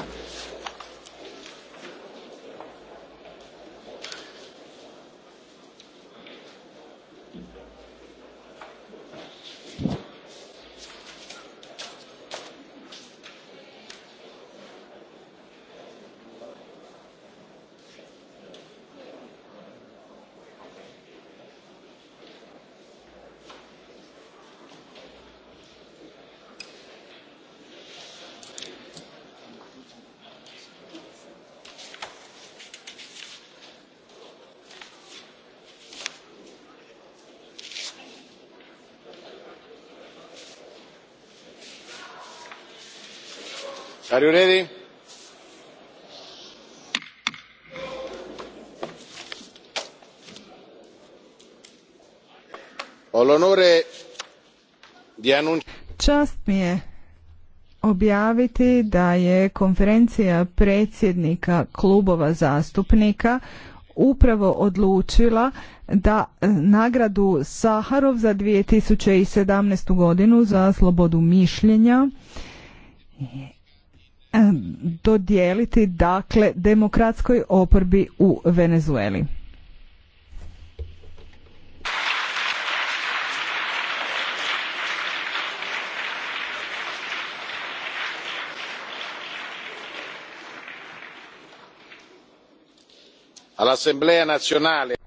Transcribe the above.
iz Are Čast mi je objaviti da je konferencija predsjednika klubova zastupnika upravo odlučila da e, nagradu Saharov za 2017. godinu za slobodu mišljenja dodijeliti dakle demokratskoj oporbi u Venezueli. All'Assemblea nazionale